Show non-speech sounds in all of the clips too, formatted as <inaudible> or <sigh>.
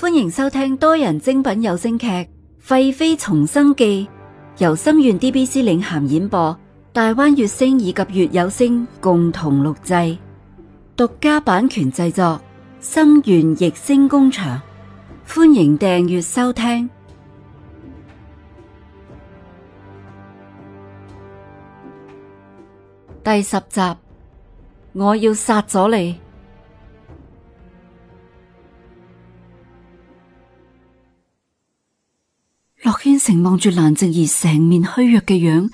歡迎收聽多人精品有聲劇《廢妃重生記》，由心願 DBC 領銜演播，大灣月星以及月有聲共同錄製，獨家版權製作，心願逸星工場。歡迎訂閱收聽第十集，我要殺咗你。凝望住蘭靜兒成面虛弱嘅樣，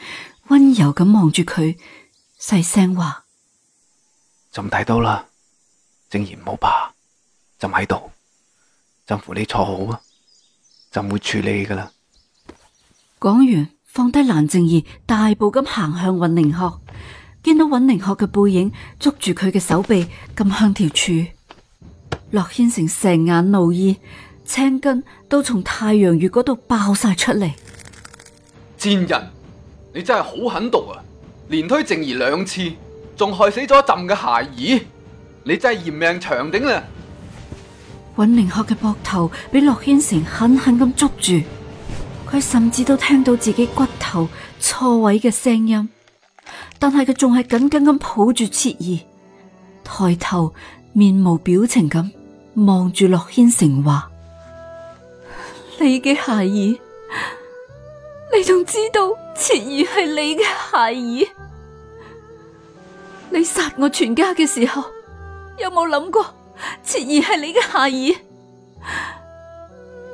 温柔咁望住佢，細聲話：朕睇到啦，靜兒唔好怕，朕喺度，朕扶你坐好啊，朕會處理噶啦。講完，放低蘭靜兒，大步咁行向尹寧鶴，見到尹寧鶴嘅背影，捉住佢嘅手臂，撳向條柱。駱軒成成眼怒意。青筋都從太陽穴嗰度爆晒出嚟，賤人，你真係好狠毒啊！連推靜怡兩次，仲害死咗朕嘅孩兒，你真係嫌命長頂啦！尹寧鶴嘅膊頭俾洛軒成狠狠咁捉住，佢甚至都聽到自己骨頭錯位嘅聲音，但係佢仲係緊緊咁抱住切兒，抬頭面無表情咁望住洛軒成話。你嘅孩兒，你仲知道徹兒係你嘅孩兒？你殺我全家嘅時候，有冇諗過徹兒係你嘅孩兒？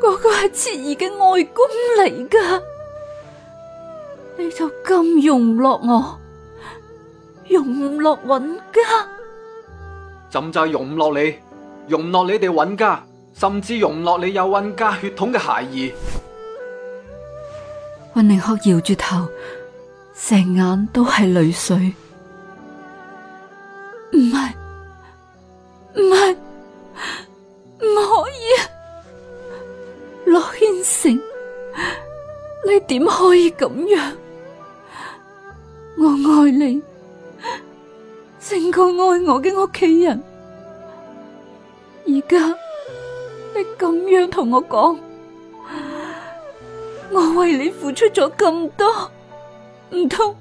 嗰個係徹兒嘅外公嚟噶，你就咁容唔落我，容唔落尹家？朕就係容唔落你，容唔落你哋尹家。甚至容唔落你有溫家血統嘅孩兒。溫寧學搖住頭，成眼都係淚水。唔係，唔係，唔可以。駱軒成，你點可以咁樣？我愛你，勝過愛我嘅屋企人，而家。你咁樣同我講，我為你付出咗咁多，唔通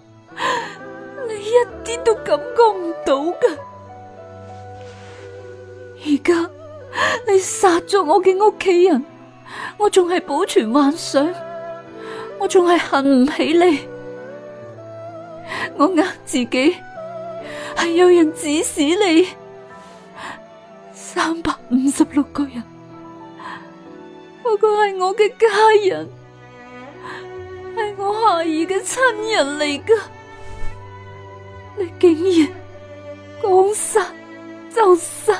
你一啲都感覺唔到噶？而家你殺咗我嘅屋企人，我仲係保存幻想，我仲係恨唔起你。我呃自己，係有人指使你，三百五十六個人。嗰個係我嘅家人，係我夏兒嘅親人嚟㗎，你竟然講殺就殺，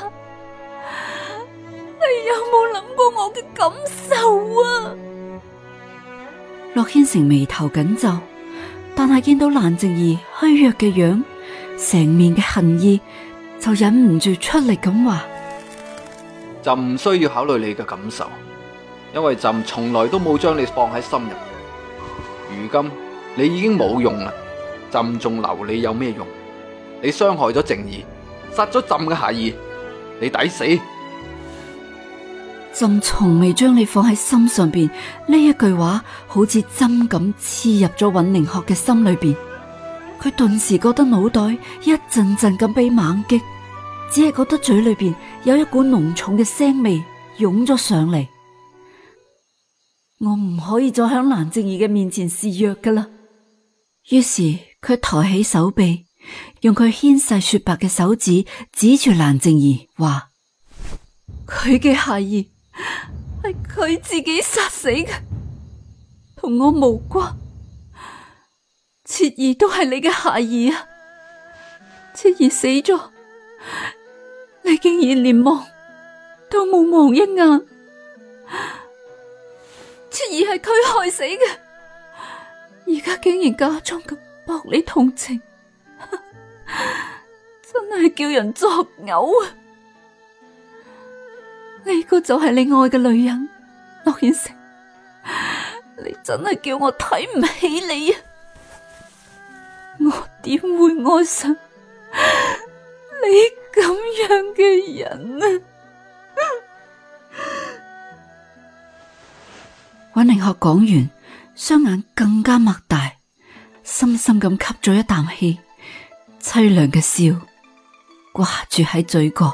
你有冇諗過我嘅感受啊？駱軒成眉頭緊皺，但係見到蘭靜兒虛弱嘅樣，成面嘅恨意，就忍唔住出力咁話，就唔需要考慮你嘅感受。因為朕從來都冇將你放喺心入，如今你已經冇用啦，朕仲留你有咩用？你傷害咗靜兒，殺咗朕嘅孩兒，你抵死！朕從未將你放喺心上邊，呢一句話好似針咁刺入咗尹寧鶴嘅心裏邊，佢頓時覺得腦袋一陣陣咁被猛擊，只係覺得嘴裏邊有一股濃重嘅腥味湧咗上嚟。我唔可以再響蘭靜兒嘅面前示弱噶啦，於是佢抬起手臂，用佢纖細雪白嘅手指指住蘭靜兒，話：佢嘅孩兒係佢自己殺死嘅，同我無關。切兒都係你嘅孩兒啊，切兒死咗，你竟然連望都冇望一眼。出而係佢害死嘅，而家竟然假裝咁博你同情，真係叫人作嘔啊！呢個就係你愛嘅女人，駱千成，你真係叫我睇唔起你啊！我點會愛上你咁樣嘅人啊！安寧學講完，雙眼更加擘大，深深咁吸咗一啖氣，淒涼嘅笑掛住喺嘴角。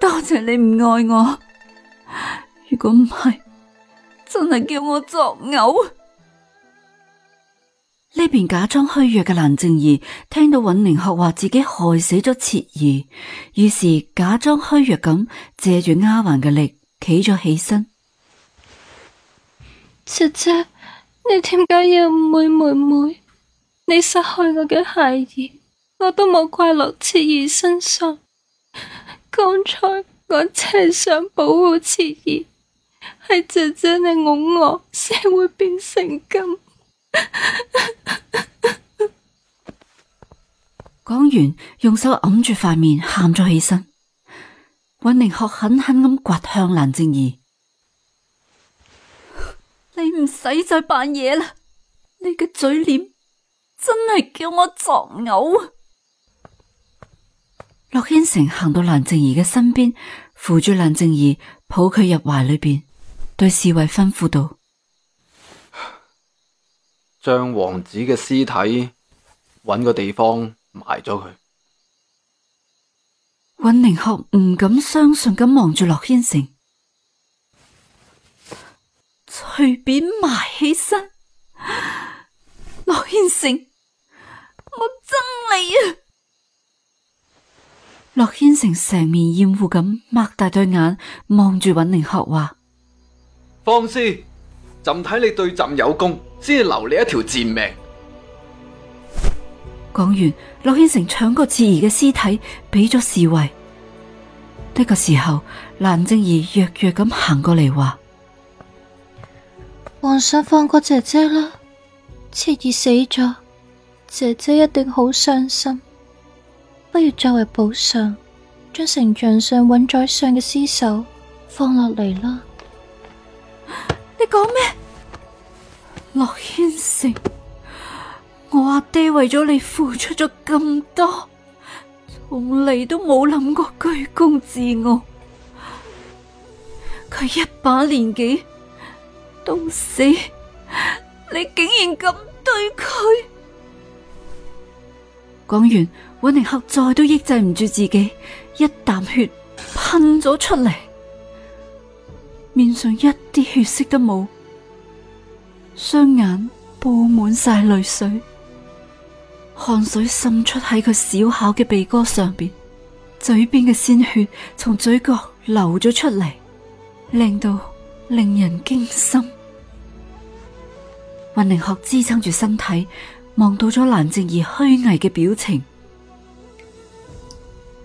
多謝你唔愛我，如果唔係，真係叫我作嘔。呢邊假裝虛弱嘅蘭靜儀聽到尹寧學話自己害死咗切兒，於是假裝虛弱咁借住丫鬟嘅力企咗起身。姐姐，你點解要誤會妹妹？你殺害我嘅孩兒，我都冇怪落切兒身上。剛才我只係想保護切兒，係姐姐你哄我，先會變成咁。講 <laughs> 完，用手揞住塊面，喊咗起身。韋寧鶴狠狠咁掘向蘭靜兒，你唔使再扮嘢啦，你嘅嘴臉真係叫我作嘔啊。駱軒成行到蘭靜兒嘅身邊，扶住蘭靜兒，抱佢入懷裏邊，對侍衛吩咐道。將王子嘅屍體揾個地方埋咗佢。尹寧鶴唔敢相信咁望住洛軒成，隨便埋起身。洛軒成，我憎你啊！洛軒成成面厭惡咁擘大對眼望住尹寧鶴話：放肆！朕睇你對朕有功，先留你一條賤命。講完，陸憲成搶過次兒嘅屍體，俾咗侍衛。呢、那個時候，蘭靜兒弱弱咁行過嚟話：皇上放過姐姐啦，次兒死咗，姐姐一定好傷心。不如作為補償，將城牆上尹宰相嘅屍首放落嚟啦。你講咩？洛軒成，我阿爹，爹為咗你付出咗咁多，從嚟都冇諗過居功自傲。佢一把年紀到死，你竟然咁對佢！講完，尹寧克再都抑制唔住自己，一啖血噴咗出嚟，面上一啲血色都冇。雙眼布滿晒淚水，汗水滲出喺佢小巧嘅鼻哥上邊，嘴邊嘅鮮血從嘴角流咗出嚟，令到令人驚心。云寧學支撐住身體，望到咗冷靜而虛偽嘅表情，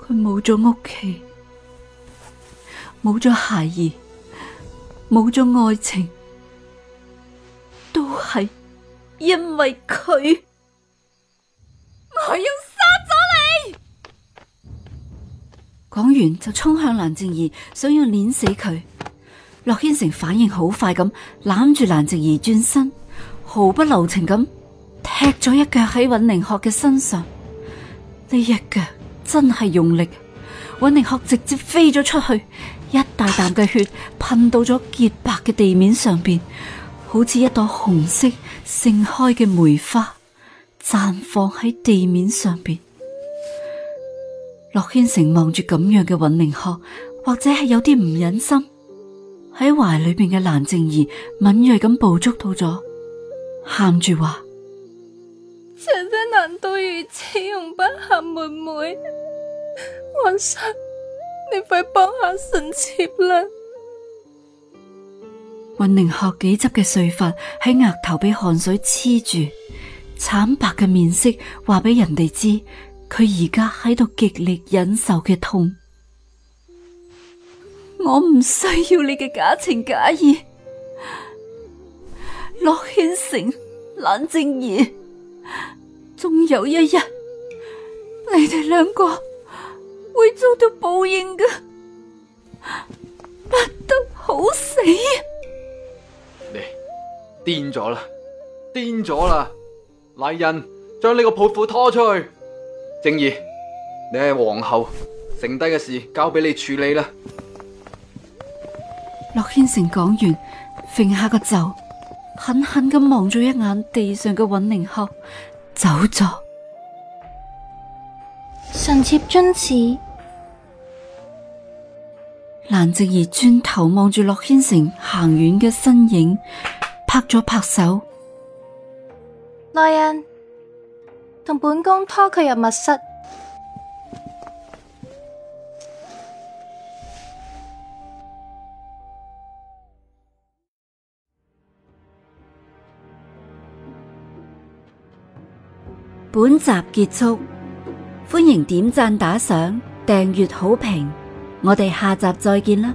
佢冇咗屋企，冇咗孩兒，冇咗愛情。係因為佢，我要殺咗你！講完就衝向蘭靜兒，想要碾死佢。洛軒成反應好快，咁攬住蘭靜兒轉身，毫不留情咁踢咗一腳喺尹寧鶴嘅身上。呢一腳真係用力，尹寧鶴直接飛咗出去，一大啖嘅血噴到咗潔白嘅地面上邊。好似一朵紅色盛開嘅梅花綻放喺地面上邊，洛軒成望住咁樣嘅尹寧鶴，或者係有啲唔忍心。喺懷裏邊嘅蘭靜儀敏銳咁捕捉到咗，喊住話：姐姐難道如此容不下妹妹？皇上，你快幫下臣妾啦！雲寧學幾執嘅碎髮喺額頭俾汗水黐住，慘白嘅面色話俾人哋知，佢而家喺度極力忍受嘅痛。我唔需要你嘅假情假意，駱軒成、冷靜怡，終有一日，你哋兩個會遭到報應㗎，不得好死。癲咗啦，癲咗啦！來人，將呢個潑婦拖出去。靜兒，你係皇后，剩低嘅事交俾你處理啦。洛軒成講完，揈下個袖，狠狠咁望咗一眼地上嘅尹寧後，走咗。臣妾遵旨。蘭靜兒轉頭望住洛軒成行遠嘅身影。拍咗拍手，來人，同本宮拖佢入密室。本集結束，歡迎點讚、打賞、訂閱、好評，我哋下集再見啦！